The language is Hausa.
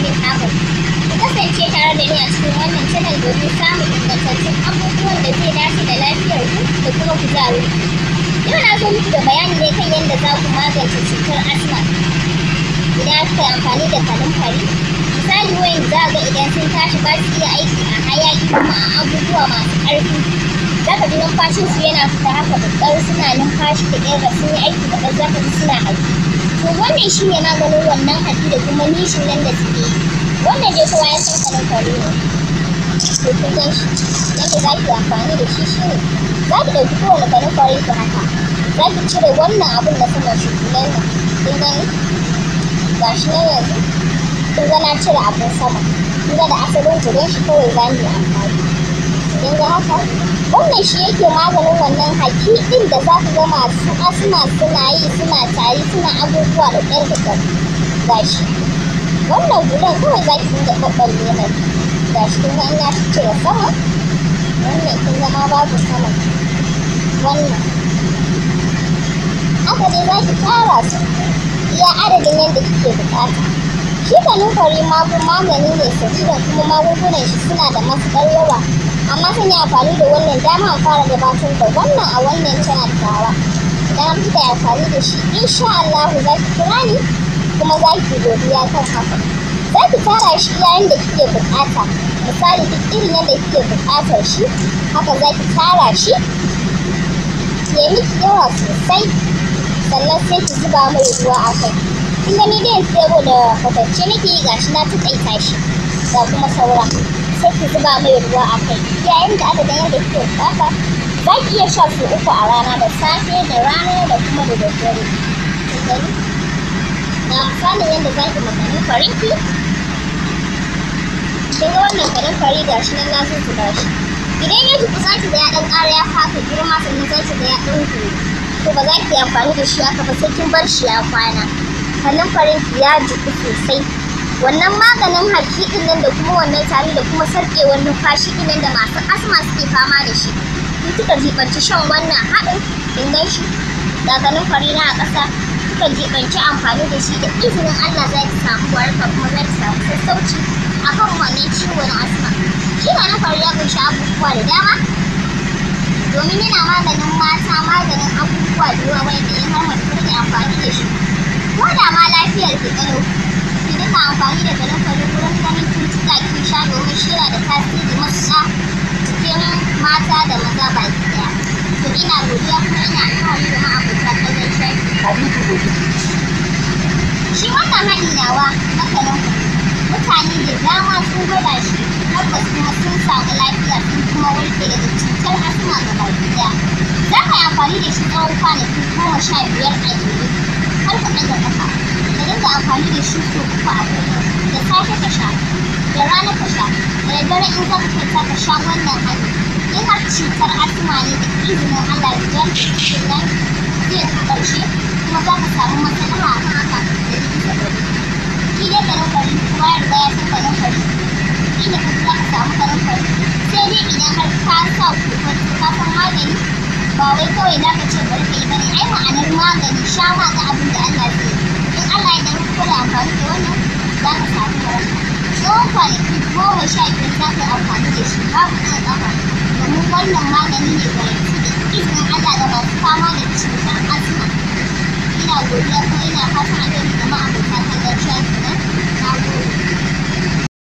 Ku kasance tare da ni a cikin wannan channel gari samun ingantattun abubuwan da zai dace da lafiyar ku da kuma kuzari. Yau na zo muku da bayani ne kan yadda za ku magance cutar asma. Idan aka amfani da kanumfari, misali wayan za ga idan sun tashi ba su iya aiki a hayaki kuma a abubuwa masu ƙarfi. Za ka ji numfashinsu yana fita haka da suna numfashi da ƙirga sun yi aiki da ɗan za ka suna aiki. to wannan shi ne maganin wannan haɗu da kuma nishin nan da suke wannan dai kowa ya san kanin kare ne to kun gan shi yadda za ki amfani da shi shi ne za ki ɗauki kowane kanin kare ki haka za ki cire wannan abin da saman shi nan nan kun gani ga shi nan yanzu kun ga na cire abin sama kun ga da asalin gurin shi kawai za mu amfani kun ga haka wannan shi yake maganin wannan haki ɗin da za ku ga masu asma suna yi suna tari suna abubuwa da ƙyar da gashi wannan gudan kawai za ki dinga ɓaɓɓalle mai gashi kun ga ina cire sama wannan kun zama ba babu sama wannan haka dai za ki tara su iya adadin yadda kike buƙata shi kanumfari magani ne sabida kuma magungunan shi suna da matuƙar yawa amma sun yi amfani da wannan dama fara gabatar da wannan a wannan channel tawa idan kika yi amfani da shi insha Allah za ki kira ni kuma za ki godiya kan haka za ki tara shi yayin da kike bukata misali duk irin yadda kike bukatar shi haka za ki tara shi ya miki yawa sosai sannan sai ki zuba mai ruwa a kai kun gani dai sai da kwatance nake gashi na taƙaita shi ga kuma saura sai ki zuba mai ruwa a kai yayin da aka dayar da kike bukata ki iya sha su uku a rana da safe da rana da kuma da daddare na misalin yadda za ki makanin farinki kin wannan kanin fari shi nan na so ki idan ya za ki ɗan ƙara ya girma sannan za ki ɗan to ba za ki yi amfani da shi haka ba sai kin bar shi ya kwana kanin ya jiku sosai wannan maganin haki din nan da kuma wannan tari da kuma wannan numfashi din nan da masu asma suke fama da shi in kika jibanci shan wannan haɗin dingan shi daga farina a ƙasa kika jibanci amfani da shi da izinin Allah za ki samu waraka kuma za ki samu sassauci akan wannan ciwon asma shi na fari ya sha abubuwa da dama domin yana maganin mata maganin abubuwa da yawa wanda ya har mutum amfani da shi ko da ma lafiyar ki ƙalau Ana amfani da kanunfari wurin ganin cututtuka kin sha domin shi da tasiri matuƙa cikin mata da maza baki ɗaya. To ina godiya kuma ina alfahari da ma'abota ƙasar shafi. Shi wannan haɗi nawa na kanunfari mutane da dama sun gwada shi tabbas kuma sun samu lafiya sun kuma warke daga cutar asma gaba ɗaya. Za ka yi amfani da shi tsawon kwanaki goma sha biyar a jere har ka ɗaga ƙafa. ka dinga amfani da shi sau uku a kullum da safe ka sha da rana ka sha da daddare in za ka kwanta ka sha wannan hannu in har cutar da izinin Allah da jan kenan zai kuma za ka samu matsala a kan haka da likita ba dai karin fari kuma ya ya san karin fari inda ka za ka samu karin fari sai dai idan har ka kawai za ka ce ka yi ai ma'anar ga abinda Allah faruwar wannan za ka sha biyar za da shi babu kan ƙafa domin wannan magani ne ga Allah da fama da cutar asma ina godiya kuma ina fatan a gani